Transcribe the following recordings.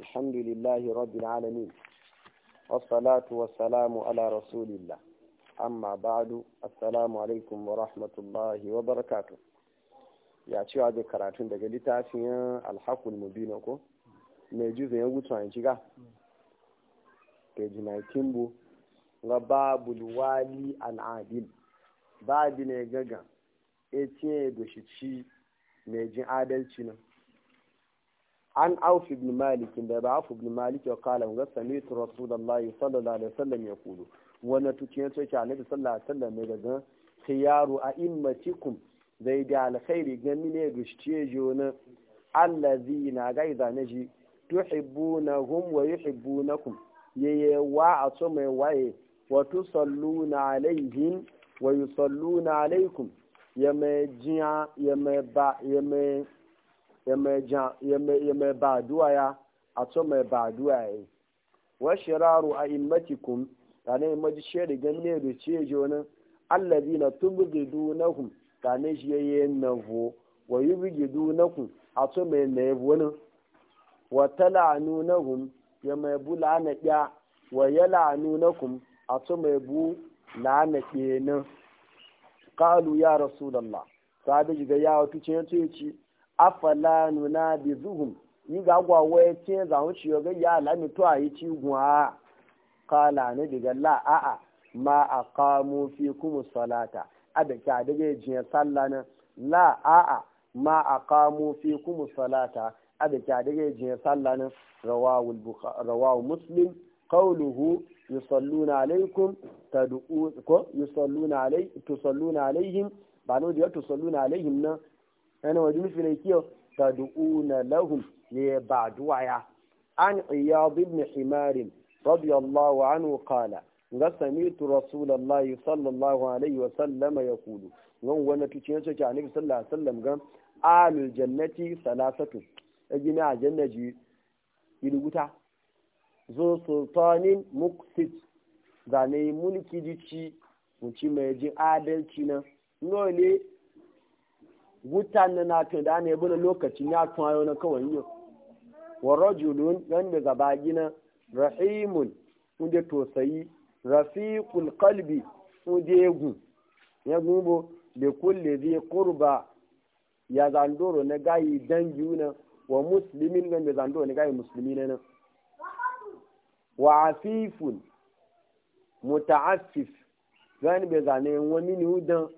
الحمد لله رب العالمين والصلاة والسلام على رسول الله أما بعد السلام عليكم ورحمة الله وبركاته ya ci da karatun daga littafin alhakul mubina ko mai juzo ya wuce a shiga page 19 bu ga babul wali al'adil babi ne gaga e ce doshi ci mai jin adalci nan an auf ibn malik da ba auf ibn malik ya kala ga samitu rasulullahi sallallahu alaihi wasallam ya kulu wannan tuciyar sai ka annabi sallallahu alaihi wasallam ne daga khiyaru a'immatikum zai da alkhairi gani ne gushce jona allazina gaiza na ji tuhibbunahum wa yuhibbunakum yaye wa a so mai waye wa tusalluna alaihim wa yusalluna alaikum ya mai jiya ya mai ba yamma ba baaduwa ya a to mai ba aduwa ya yi wa shiraru a immatikum tane maji shedi ganne da ce jona allazi na na nahum tane shi yayi navo wa yubgidu na a to mai navo ne wa na nahum ya mai bu lana ya wa yalanu na a to mai bu lana na kaalu ya saa sabi jiga ya wato ce ce afala nuna bi zuhum yi ga gwawo ya ce za mu ciyo ga ya lami to a yi ci gwa kala ne diga la a'a ma a kamo fi kuma salata a da kya daga jiya sallah na la a'a ma a kamo fi kuma salata a da kya daga jiya salla na rawawu muslim qawluhu yusalluna alaikum tad'u ko yusalluna alai tusalluna alaihim ba no da na alaihim na yana wajen nufi ne kiyo ta du'una lahum ya ba duwaya an iyad ibn himarin radiyallahu anhu qala ga samitu rasulullahi sallallahu alaihi wa sallam yaqulu wan wani tuce yace ki annabi sallallahu alaihi sallam ga alul jannati salasatu e a ajannaji iluguta zo sultanin muqsit zane mulki dici mutum mai jin adalci na nole wutan na ta da ne bune lokacin ya tuwayo na kawai yau wa rajulun wanda gaba gina rahimun wanda tosayi rafiqul qalbi wanda yegu ya gumbo da kulle zai kurba ya zandoro na gayi dangi na wa muslimin wanda zandoro na gayi musulmi na wa afifun muta'affif wanda zane wani ne udan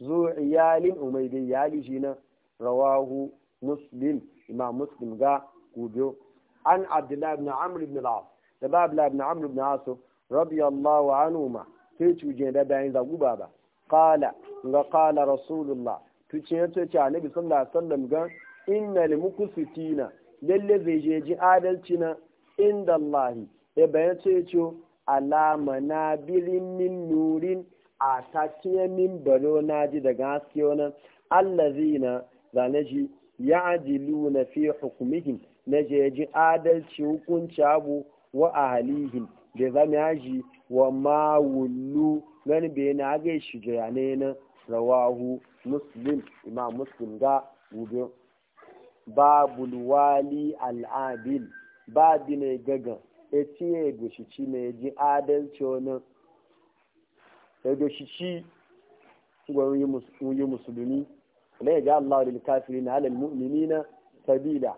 zo iyalin umaydi iyali shi na rawahu muslim imam muslim ga kubiyo an abdullahi ibn amr ibn al-as da ba abdullahi ibn amr ibn al-as radiyallahu ma sai cuje da bayan guba ba. qala ga qala rasulullah tuce ya ce annabi sallallahu alaihi wasallam ga innal mukusitina lalle zai je ji adalci na inda Allah ya bayan ce ce alama na birin min nurin a ta ciye min na ji daga haske wani allazi na zane shi ya ji na fi hukumihim na je adalci hukunci abu wa halihin da zama yaji wa ma wullu gani bai na ga shi jayane na rawahu muslim imam muslim ga gube babu wali al'adil babu ne gaga ya e ciye gushi ci ne ji adalci wani da shi shi gwamnan yi musulmi na ya ja Allah lil kafiri na halal mu'mini na sabila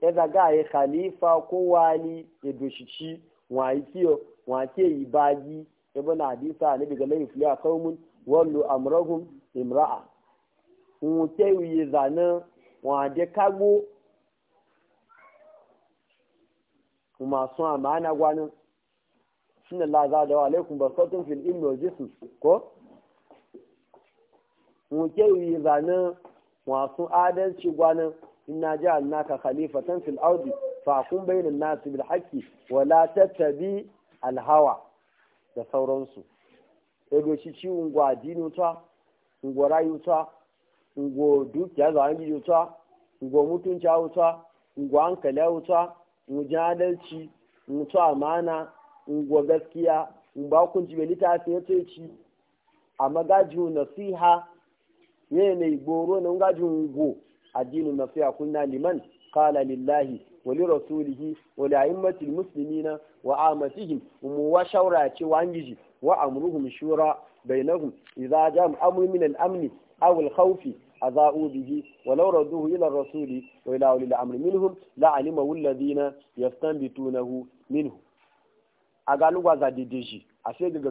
ya zaga ya khalifa ko wali ya doshi ci wayi kiyo wake yi baji ya bana hadisa ne daga lai fiya kaumun wallu amrahum imra'a un ke yi zana wa de kago kuma sun amana gwanin suna za da wa alaikum ba fil ilmi wa jisus ko muke yi zane wasu adalci gwanin inna ji ka khalifatan fil audi fa kun bayyana nasu bil haqqi wa la tattabi al hawa da sauransu sai shi ciwon gwa dinu ta ngo rayu ta ngo dukiya za an biyo ta ngo mutunci wuta ngo hankali wuta ngo jadalci mutu amana ungwa gaskiya in ba kun ji belita sai ya ci a magajin nasiha ne ne goro na ngajin ungo addinin nasiha kunna liman qala lillahi wa li rasulihi wa li musulmi na wa amatihim umu wa shaura ce wa wa amruhum shura bainahum idza jam amru min al-amni aw al wa أضاءوا به rasuli ردوه إلى الرسول وإلى أولي الأمر منهم لعلمه الذين يستنبتونه minhum a galuwa za daidai shi a se gaga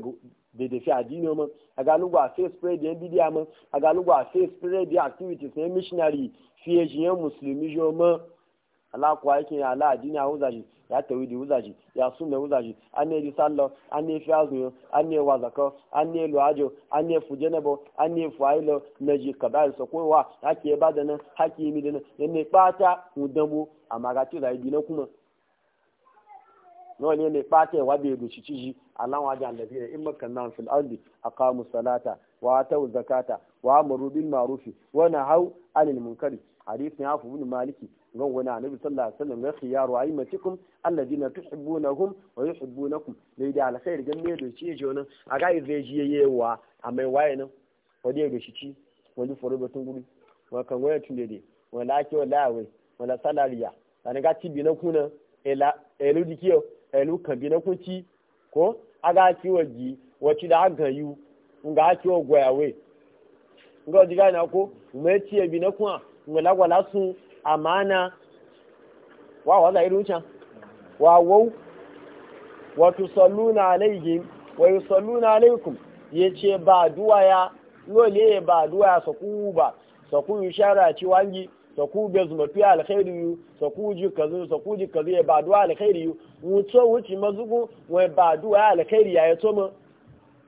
daidai fi addini ma a galuwa a se spread yan bidiya ma a galuwa a se spread yan activities yan missionary fiye shi yan musulmi jo ma ala kuwa yake ya ala addini a wuzaji ya tawidi wuzaji ya sunna wuzaji a ne di sallo a ne fi azuyo a ne wazaka a ne ajo a ne fu jenebo a ne fu ailo na ji kaba so kowa hake ba da nan hake mi da nan ne kpata mu damu amma ga ci rayu na kuma nawa ne mai fata wa bai duci ciji nan wa jan lafiya in makanna fil ardi aqamu salata wa atu zakata wa amru bil ma'ruf wa nahaw anil munkari hadith ya fu bin maliki gan wani annabi sallallahu alaihi wasallam ya khiyaru aimatikum alladina tuhibbunahum wa yuhibbunakum dai da alkhair gan ne duci jona aga izejiye wa amai waye nan wadi ga shi ci wani foro batun guri wa kan waya tunde dai wala ke wala wai wala salariya sanin ga tibi na kuna ela elu dikiyo elu kan ko aga ci waji waci da aga nga ci o gwayawe na ko me ci bi na wala sun amana wa wala wa wau wa tusalluna alaihim wa yusalluna alaikum yace ba duwaya lole ba duwaya sakuba sakun ci wangi saku bez mafi alkhairi yu saku ji kazu saku ji kazu ya badu alkhairi yu wuto wuci mazugu wai badu alkhairi ya yato mu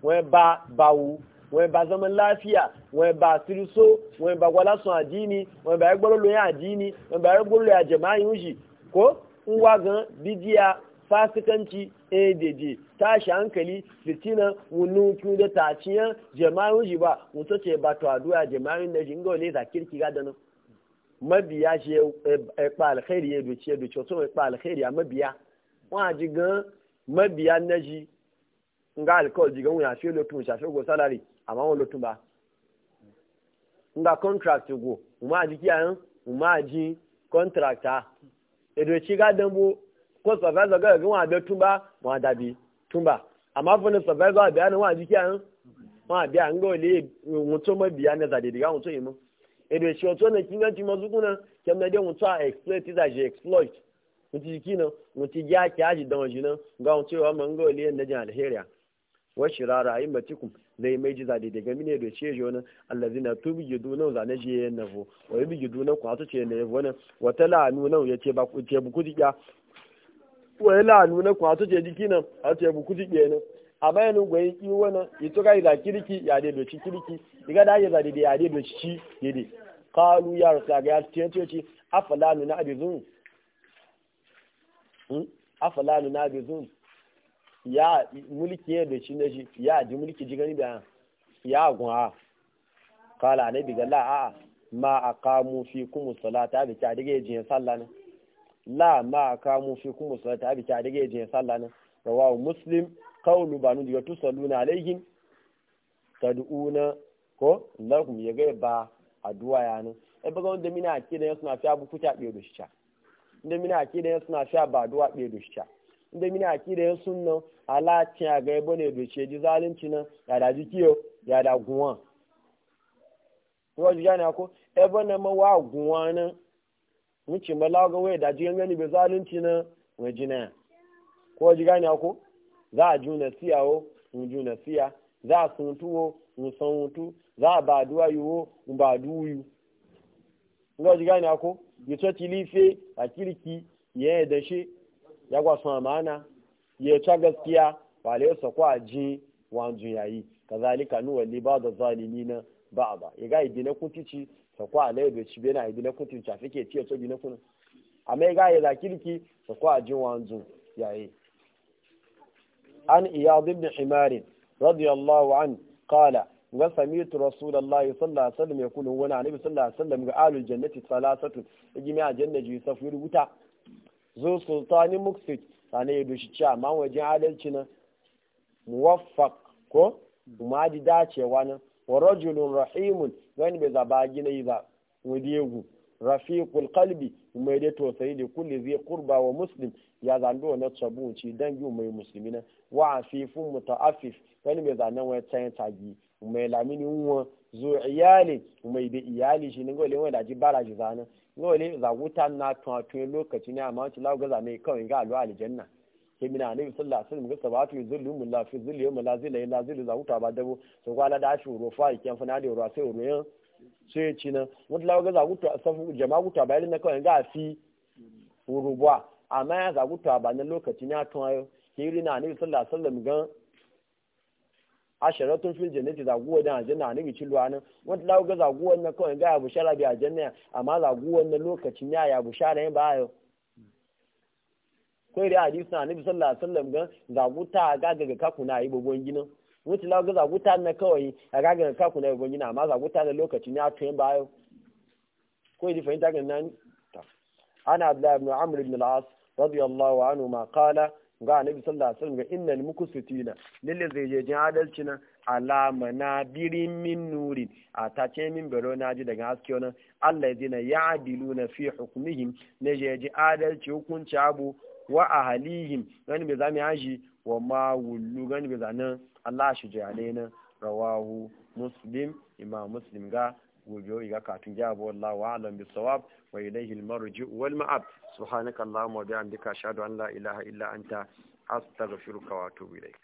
wai ba bawu wai ba zaman lafiya wai ba siriso wai ba gwala sun addini wai ba ya gbolo lo ya addini wai ba ya gbolo ya jama'a yushi ko nwa gan bidiya fasikanci adj tashi hankali fitina wunu kiyu da taciyan jama'in shi ba mutu ce ba to addu'a jama'in da shi ingo ne za kirki ga da nan mabiya ṣe eh, ẹpa eh, alẹ́kẹ́rì ẹ̀dùtì ẹ̀dùtì ọ̀tún ẹpa alẹ́kẹ́rì amabiya wọ́n àti gan mabiya nẹ́jì nga alikọ́ọ̀lù jìgàn wọn àfi olótùn ṣàfihàn sálárì àmọ́ wọn olótùn bá nga contract go wọ́n àti kí àyàn wọ́n àti contractor e ẹ̀dùtì gàdánwó kó survivor gàdánwó wọn àbẹ túnbà wọn àdàbí túnbà àmọ́ fún survivor àbẹ wọn àti kí àyàn wọn àbẹ àńgọ́ ilé ìwọ̀n tó mọ̀ bìyà nẹ́sà dèdè káwọn tó yẹ ebe shi otu ne kinga ti mazuku na kem na de mu ta exploit is as exploit muti kina muti ya ki aji dan waji na ga mu cewa man ga wali na jan alheriya wa shirara ayi matikum zai mai ji zade daga mine da ce jona allazina tubi gidu na za e na je na vo wa yi gidu na ku ce na yavo na wata lanu e na ya ce ba ku ce bu ku diya wa lanu na ku ce dikina a ce bu ku diya na amma yanzu gwaye yi wannan ito ga da kirki ya dai doci kirki diga da ya da dai ya dai doci shi dai kalu ya rasul ga ya tiyan ci afala afalanu na abizun hmm afala nu na abizun ya mulki ya doci na shi ya ji mulki ji gani da ya gun a qala annabi ga la a ma fi kuma salata bi ta diga yin sallah ne la ma a fi kuma salata bi ta diga yin sallah ne rawahu muslim qawlu banu diga tusalluna alaihim tad'una ko lahum yaga ba addu'a yana e baga wanda mina ake da suna fi abu kuta be do shicha inda mina ake da suna fi abu addu'a be do shicha inda mina ake da sunna ala ci ga yabo ne do sheji zalunci nan ya da jikiyo ya da guwa ko ji gane ko e na ma wa guwa nan mucin balaga wai da jiyan gani be zalunci nan wajina ko ji gane ko za a juna siya wo in juna siya za a suntu wo in sanwutu za a ba aduwa yi wo in ba aduwu yi nga ji gani ako yi to ti a kirki e ya yi da shi e ya gwasu amana ya ta gaskiya ba lai sa kwa ji wanzu yayi kazalika nuwa walli ba da na ba ba ya ga ibi na kutici sa kwa lai da shi bena ibi na kutici ta fike tiyo to bi na kuna amma ya ga ya da kirki sa kwa ji wanzu yayi عن إياض بن حمار رضي الله عنه قال وسميت رسول الله صلى الله عليه وسلم يقول هو النبي صلى الله عليه وسلم قال الجنة ثلاثة جميع الجنة يوسف ويرغوتا ذو سلطان مكسج أنا يدوش تشا ما وجه عدلتنا موفق كو وما دي داتشي وانا ورجل رحيم وين بذا باجي نيزا وديغو rafiqul qalbi mai da tausayi da kulli zai kurba wa muslim ya zando na tsabu dangi mai na wa afifun muta'affif wani mai zanen wani tsayin tagi mai lamini wa zo iyali mai da iyali shi ne gole wani da ji bara ji zanen gole zaguta na tuwatuwa lokaci ne amma wacce lagu zane kawai ga alwa aljanna ke mina ne bi sallah sallam ga sabatu zullu mun la fi zulli yawm la zilla illa zillu zaguta ba dabo to kwala da shi ro yake fa na da ro sai ro sai ya ci nan wata lagos ga zagutu a safu jama'a gutu bayan na kawai ga fi rubuwa amma ya zagutu a na lokaci ne tun ayo ke yi na anabi sallah alaihi gan ashirar tun fil jannati zaguwa da aljanna na ci luwa nan wata lagos a zaguwan na kawai ga yabu shara bi aljanna amma guwa na lokaci ne ya abu shara ba bayo kwai da hadisi na anabi sallah alaihi wasallam gan zaguta ga ga kakuna yi bugon ginin wuti na ga zaguta na kawai a gagarin kaku na yabon gina amma zaguta na lokaci ne a tuyin bayo ko yi fahimta ga nan ana abdullahi ibn amr ibn al-as radiyallahu anhu ma qala ga annabi sallallahu alaihi wasallam ga innal mukusitina lalle zai je jin adalci na alama na birin min nurin a tace min baro na ji daga haske wannan Allah zina ya'diluna fi hukmihim ne je ji adalci hukunci abu wa ahlihim gani bai zami haji wa ma wullu gani bai zanan Allah shi jale na rawahu muslim imam muslim ga gobe ga katun jabo Allah wa alam bi sawab wa ilayhi al marji wal ma'ab subhanaka allahumma wa bihamdika ashhadu an la ilaha illa anta astaghfiruka wa atubu ilayk